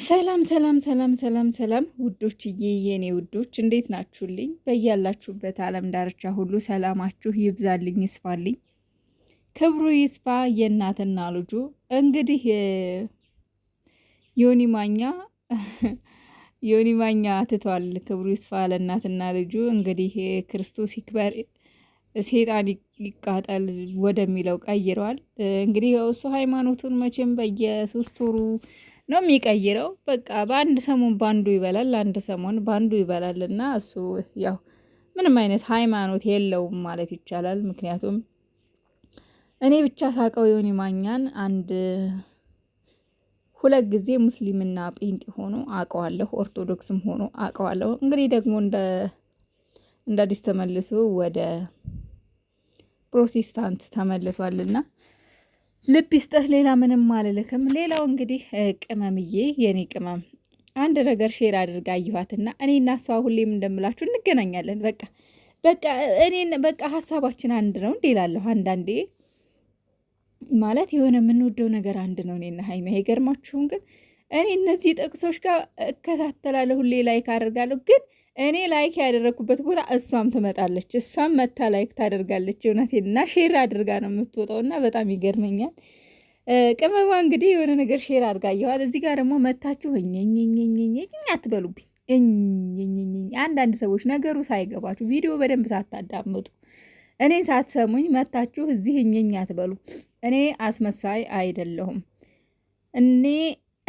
ሰላም ሰላም ሰላም ሰላም ሰላም ውዶችዬ የኔ ውዶች እንዴት ናችሁልኝ? በያላችሁበት ዓለም ዳርቻ ሁሉ ሰላማችሁ ይብዛልኝ ይስፋልኝ፣ ክብሩ ይስፋ የእናትና ልጁ። እንግዲህ ዮኒ ማኛ ዮኒ ማኛ ትቷል። ክብሩ ይስፋ ለእናትና ልጁ። እንግዲህ ክርስቶስ ይክበር ሴጣን ይቃጠል ወደሚለው ቀይረዋል። እንግዲህ እሱ ሃይማኖቱን መቼም በየሶስት ወሩ ነው የሚቀይረው። በቃ በአንድ ሰሞን ባንዱ ይበላል፣ አንድ ሰሞን ባንዱ ይበላል። እና እሱ ያው ምንም አይነት ሃይማኖት የለውም ማለት ይቻላል። ምክንያቱም እኔ ብቻ ሳቀው የሆነ ማኛን አንድ ሁለት ጊዜ ሙስሊምና ጴንጤ ሆኖ አውቀዋለሁ፣ ኦርቶዶክስም ሆኖ አውቀዋለሁ። እንግዲህ ደግሞ እንደ እንደ አዲስ ተመልሶ ወደ ፕሮቴስታንት ተመልሷልና ልብ ይስጥህ። ሌላ ምንም አልልክም። ሌላው እንግዲህ ቅመምዬ የኔ ቅመም አንድ ነገር ሼር አድርጋ አየኋትና እኔ እና እሷ ሁሌም እንደምላችሁ እንገናኛለን። በቃ በቃ እኔን በቃ ሀሳባችን አንድ ነው እንዴ እላለሁ አንዳንዴ ማለት የሆነ የምንወደው ነገር አንድ ነው። እኔና ሀይሚ አይገርማችሁም? ግን እኔ እነዚህ ጥቅሶች ጋር እከታተላለሁ፣ ሁሌ ላይክ አደርጋለሁ ግን እኔ ላይክ ያደረግኩበት ቦታ እሷም ትመጣለች። እሷም መታ ላይክ ታደርጋለች። እውነቴን እና ሼር አድርጋ ነው የምትወጣው እና በጣም ይገርመኛል። ቅመሟ እንግዲህ የሆነ ነገር ሼር አድርጋ እየኋል እዚህ ጋር ደግሞ መታችሁ እኝኝኝኝኝ አትበሉብኝ። እኝኝኝኝ አንዳንድ ሰዎች ነገሩ ሳይገባችሁ ቪዲዮ በደንብ ሳታዳምጡ እኔን ሳትሰሙኝ መታችሁ እዚህ እኝኝ አትበሉ። እኔ አስመሳይ አይደለሁም። እኔ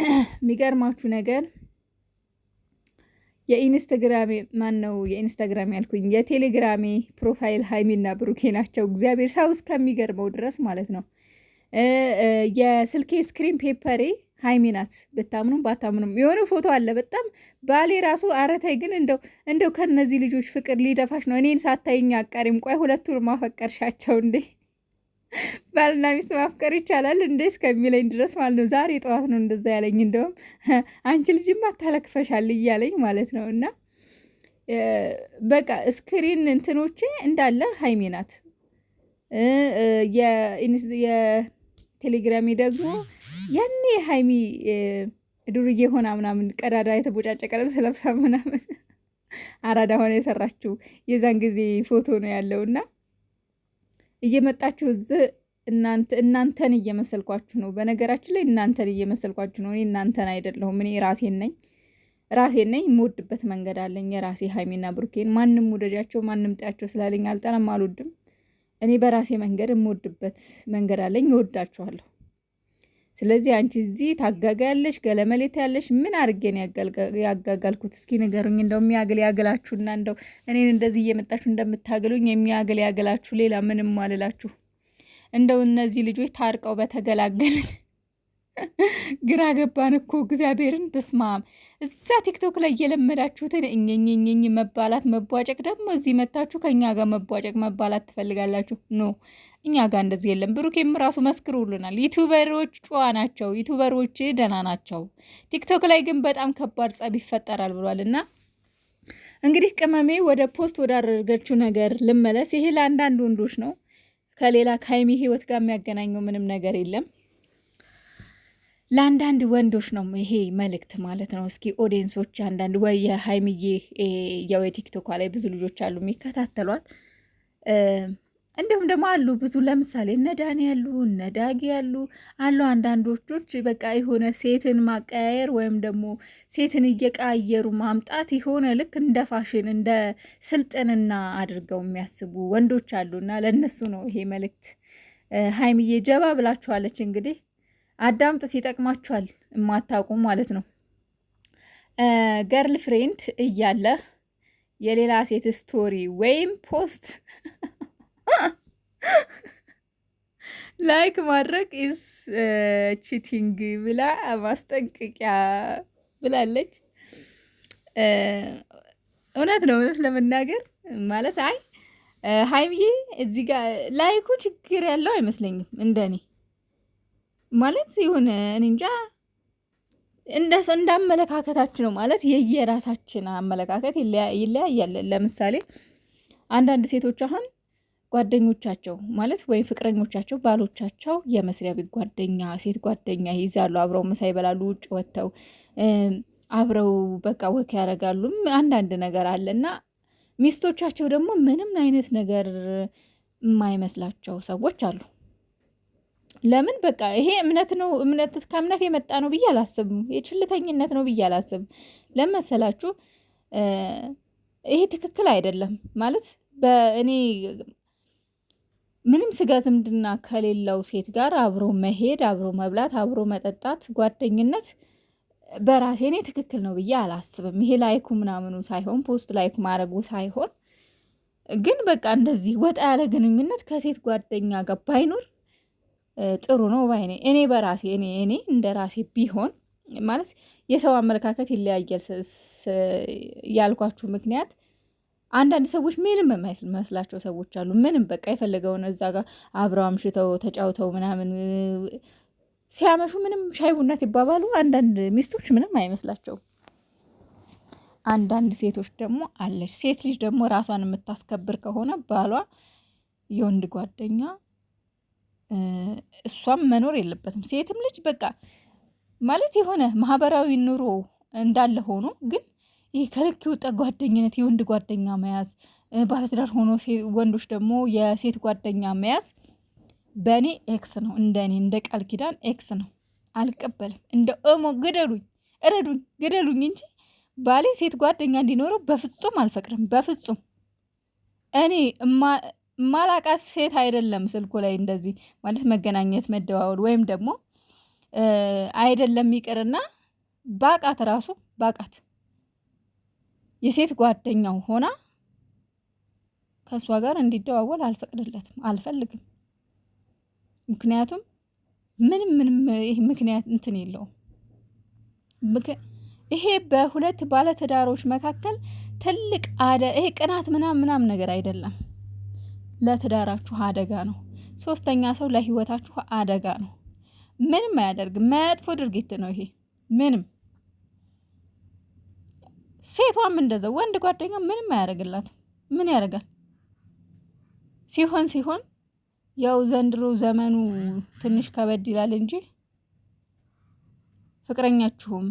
የሚገርማችሁ ነገር የኢንስታግራሜ ማን ነው? የኢንስታግራም ያልኩኝ የቴሌግራሜ ፕሮፋይል ሀይሚና ብሩኬ ናቸው። እግዚአብሔር ሰው እስከሚገርመው ድረስ ማለት ነው። የስልኬ ስክሪን ፔፐሬ ሀይሚ ናት። ብታምኑም ባታምኑም የሆነ ፎቶ አለ። በጣም ባሌ ራሱ አረታይ ግን እንደው እንደው ከነዚህ ልጆች ፍቅር ሊደፋሽ ነው እኔን ሳታይኛ አቀሪም። ቆይ ሁለቱን ማፈቀርሻቸው እንዴ? ባልና ሚስት ማፍቀር ይቻላል እንዴ እስከሚለኝ ድረስ ማለት ነው። ዛሬ ጠዋት ነው እንደዛ ያለኝ። እንደውም አንቺ ልጅም አታለክፈሻል እያለኝ ማለት ነው። እና በቃ ስክሪን እንትኖቼ እንዳለ ሀይሜ ናት። የቴሌግራሜ ደግሞ ያኔ ሀይሚ ዱርዬ ሆና ምናምን ቀዳዳ የተቦጫጨቀ ልብስ ለብሳ ምናምን አራዳ ሆነ የሰራችው የዛን ጊዜ ፎቶ ነው ያለውና እየመጣችሁ እዚህ እናንተን እየመሰልኳችሁ ነው። በነገራችን ላይ እናንተን እየመሰልኳችሁ ነው። እኔ እናንተን አይደለሁም። እኔ ራሴን ነኝ ራሴን ነኝ። የምወድበት መንገድ አለኝ የራሴ ሀይሜና ብሩኬን ማንም ውደጃቸው ማንም ጣያቸው ስላለኝ አልጠላም፣ አልወድም። እኔ በራሴ መንገድ የምወድበት መንገድ አለኝ። እወዳችኋለሁ። ስለዚህ አንቺ እዚህ ታጋጋ ያለሽ ገለመሌት ያለሽ ምን አድርጌን ያጋጋልኩት? እስኪ ንገሩኝ። እንደው የሚያግል ያግላችሁና እንደው እኔን እንደዚህ እየመጣችሁ እንደምታግሉኝ የሚያግል ያግላችሁ። ሌላ ምንም አልላችሁ። እንደው እነዚህ ልጆች ታርቀው በተገላገልን ግራ ገባን እኮ እግዚአብሔርን። በስማም እዛ ቲክቶክ ላይ እየለመዳችሁትን እኝኝኝኝ መባላት መቧጨቅ፣ ደግሞ እዚህ መታችሁ ከእኛ ጋር መቧጨቅ መባላት ትፈልጋላችሁ። ኖ እኛ ጋር እንደዚህ የለም። ብሩኬም ራሱ መስክሩልናል። ዩቱበሮች ጨዋ ናቸው፣ ዩቱበሮች ደህና ናቸው። ቲክቶክ ላይ ግን በጣም ከባድ ጸብ ይፈጠራል ብሏል እና እንግዲህ ቅመሜ ወደ ፖስት ወዳደረገችው ነገር ልመለስ። ይሄ ለአንዳንድ ወንዶች ነው። ከሌላ ከሀይሚ ህይወት ጋር የሚያገናኘው ምንም ነገር የለም። ለአንዳንድ ወንዶች ነው ይሄ መልእክት ማለት ነው። እስኪ ኦዲየንሶች አንዳንድ ወይ የሀይምዬ ያው የቲክቶኳ ላይ ብዙ ልጆች አሉ የሚከታተሏት፣ እንዲሁም ደግሞ አሉ ብዙ ለምሳሌ እነ ዳኒ ያሉ እነ ዳጊ ያሉ አሉ። አንዳንዶች በቃ የሆነ ሴትን ማቀያየር ወይም ደግሞ ሴትን እየቀያየሩ ማምጣት የሆነ ልክ እንደ ፋሽን እንደ ስልጥንና አድርገው የሚያስቡ ወንዶች አሉና ለእነሱ ነው ይሄ መልእክት። ሀይምዬ ጀባ ብላችኋለች እንግዲህ አዳምጡት፣ ይጠቅማችኋል። የማታውቁ ማለት ነው። ገርል ፍሬንድ እያለህ የሌላ ሴት ስቶሪ ወይም ፖስት ላይክ ማድረግ ኢዝ ቺቲንግ ብላ ማስጠንቀቂያ ብላለች። እውነት ነው። እውነት ለመናገር ማለት አይ ሀይምዬ እዚህ ጋር ላይኩ ችግር ያለው አይመስለኝም እንደኔ ማለት የሆነ እኔ እንጃ እንደ አመለካከታችን ነው ማለት የየራሳችን አመለካከት ይለያያል። ለምሳሌ አንዳንድ ሴቶች አሁን ጓደኞቻቸው ማለት ወይም ፍቅረኞቻቸው ባሎቻቸው የመስሪያ ቤት ጓደኛ ሴት ጓደኛ ይዛሉ። አብረው ምሳ ይበላሉ፣ ውጭ ወጥተው አብረው በቃ ወክ ያደርጋሉ። አንዳንድ ነገር አለ እና ሚስቶቻቸው ደግሞ ምንም አይነት ነገር የማይመስላቸው ሰዎች አሉ። ለምን በቃ ይሄ እምነት ነው፣ እምነት ከእምነት የመጣ ነው ብዬ አላስብም። የችልተኝነት ነው ብዬ አላስብም። ለመሰላችሁ ይሄ ትክክል አይደለም ማለት በእኔ ምንም ስጋ ዝምድና ከሌለው ሴት ጋር አብሮ መሄድ፣ አብሮ መብላት፣ አብሮ መጠጣት፣ ጓደኝነት በራሴ እኔ ትክክል ነው ብዬ አላስብም። ይሄ ላይኩ ምናምኑ ሳይሆን ፖስት ላይኩ ማድረጉ ሳይሆን ግን በቃ እንደዚህ ወጣ ያለ ግንኙነት ከሴት ጓደኛ ጋር ባይኖር ጥሩ ነው ባይኔ እኔ በራሴ እኔ እኔ እንደ ራሴ ቢሆን ማለት የሰው አመለካከት ይለያያል ያልኳችሁ ምክንያት አንዳንድ ሰዎች ምንም የማይመስላቸው ሰዎች አሉ። ምንም በቃ የፈለገውን እዛ ጋር አብረው አምሽተው ተጫውተው ምናምን ሲያመሹ ምንም ሻይ ቡና ሲባባሉ አንዳንድ ሚስቶች ምንም አይመስላቸው። አንዳንድ ሴቶች ደግሞ አለች። ሴት ልጅ ደግሞ ራሷን የምታስከብር ከሆነ ባሏ የወንድ ጓደኛ እሷም መኖር የለበትም። ሴትም ልጅ በቃ ማለት የሆነ ማህበራዊ ኑሮ እንዳለ ሆኖ ግን ይህ ከልክ የወጣ ጓደኝነት፣ የወንድ ጓደኛ መያዝ፣ ባለትዳር ሆኖ ወንዶች ደግሞ የሴት ጓደኛ መያዝ በእኔ ኤክስ ነው። እንደ እኔ እንደ ቃል ኪዳን ኤክስ ነው። አልቀበልም። እንደ ኦሞ ግደሉኝ፣ እረዱኝ፣ ግደሉኝ እንጂ ባሌ ሴት ጓደኛ እንዲኖረው በፍጹም አልፈቅድም። በፍጹም እኔ ማላቃት ሴት አይደለም ስልኩ ላይ እንደዚህ ማለት መገናኘት መደዋወል ወይም ደግሞ አይደለም ይቅርና ባቃት ራሱ ባቃት የሴት ጓደኛው ሆና ከእሷ ጋር እንዲደዋወል አልፈቅድለትም፣ አልፈልግም። ምክንያቱም ምንም ምንም ይህ ምክንያት እንትን የለውም። ይሄ በሁለት ባለትዳሮች መካከል ትልቅ አደ ይሄ ቅናት ምናም ምናም ነገር አይደለም። ለትዳራችሁ አደጋ ነው። ሶስተኛ ሰው ለህይወታችሁ አደጋ ነው። ምንም አያደርግ መጥፎ ድርጊት ነው ይሄ። ምንም ሴቷም እንደዛው ወንድ ጓደኛ ምንም አያደርግላት ምን ያደርጋል? ሲሆን ሲሆን ያው ዘንድሮ ዘመኑ ትንሽ ከበድ ይላል እንጂ ፍቅረኛችሁም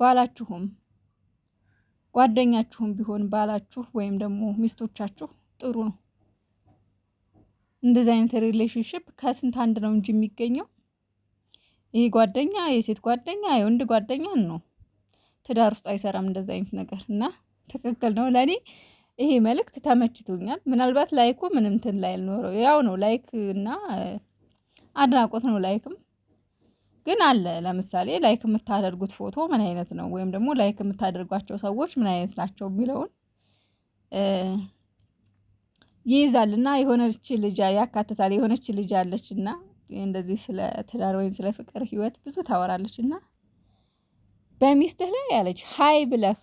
ባላችሁም ጓደኛችሁም ቢሆን ባላችሁ ወይም ደግሞ ሚስቶቻችሁ ጥሩ ነው። እንደዚህ አይነት ሪሌሽንሽፕ ከስንት አንድ ነው እንጂ የሚገኘው። ይሄ ጓደኛ የሴት ጓደኛ የወንድ ጓደኛ ነው። ትዳር ውስጥ አይሰራም እንደዚ አይነት ነገር እና ትክክል ነው። ለእኔ ይሄ መልእክት ተመችቶኛል። ምናልባት ላይኩ ምንም እንትን ላይ አልኖረው ያው ነው ላይክ እና አድናቆት ነው። ላይክም ግን አለ። ለምሳሌ ላይክ የምታደርጉት ፎቶ ምን አይነት ነው ወይም ደግሞ ላይክ የምታደርጓቸው ሰዎች ምን አይነት ናቸው የሚለውን ይይዛል እና የሆነች ልጅ ያካትታል። የሆነች ልጅ አለች እና እንደዚህ ስለ ትዳር ወይም ስለ ፍቅር ህይወት ብዙ ታወራለች እና በሚስትህ ላይ ያለች ሀይ ብለህ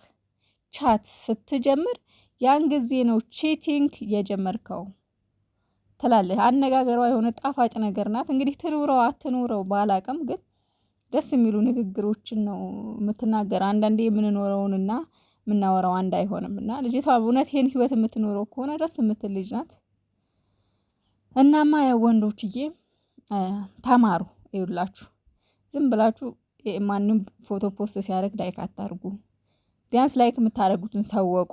ቻት ስትጀምር ያን ጊዜ ነው ቺቲንግ የጀመርከው ትላለህ። አነጋገሯ የሆነ ጣፋጭ ነገር ናት። እንግዲህ ትኑረው አትኑረው ባላቅም፣ ግን ደስ የሚሉ ንግግሮችን ነው የምትናገር። አንዳንዴ የምንኖረውንና የምናወራው አንድ አይሆንም እና ልጅቷ እውነት ይሄን ህይወት የምትኖረው ከሆነ ደስ የምትል ልጅ ናት። እናማ ያው ወንዶችዬ ተማሩ። ይውላችሁ ዝም ብላችሁ ማንም ፎቶ ፖስት ሲያደርግ ላይክ አታርጉ። ቢያንስ ላይክ የምታደርጉትን ሰወቁ።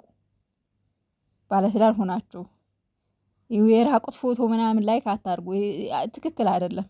ባለትዳር ሆናችሁ የራቁት ፎቶ ምናምን ላይክ አታርጉ። ትክክል አይደለም።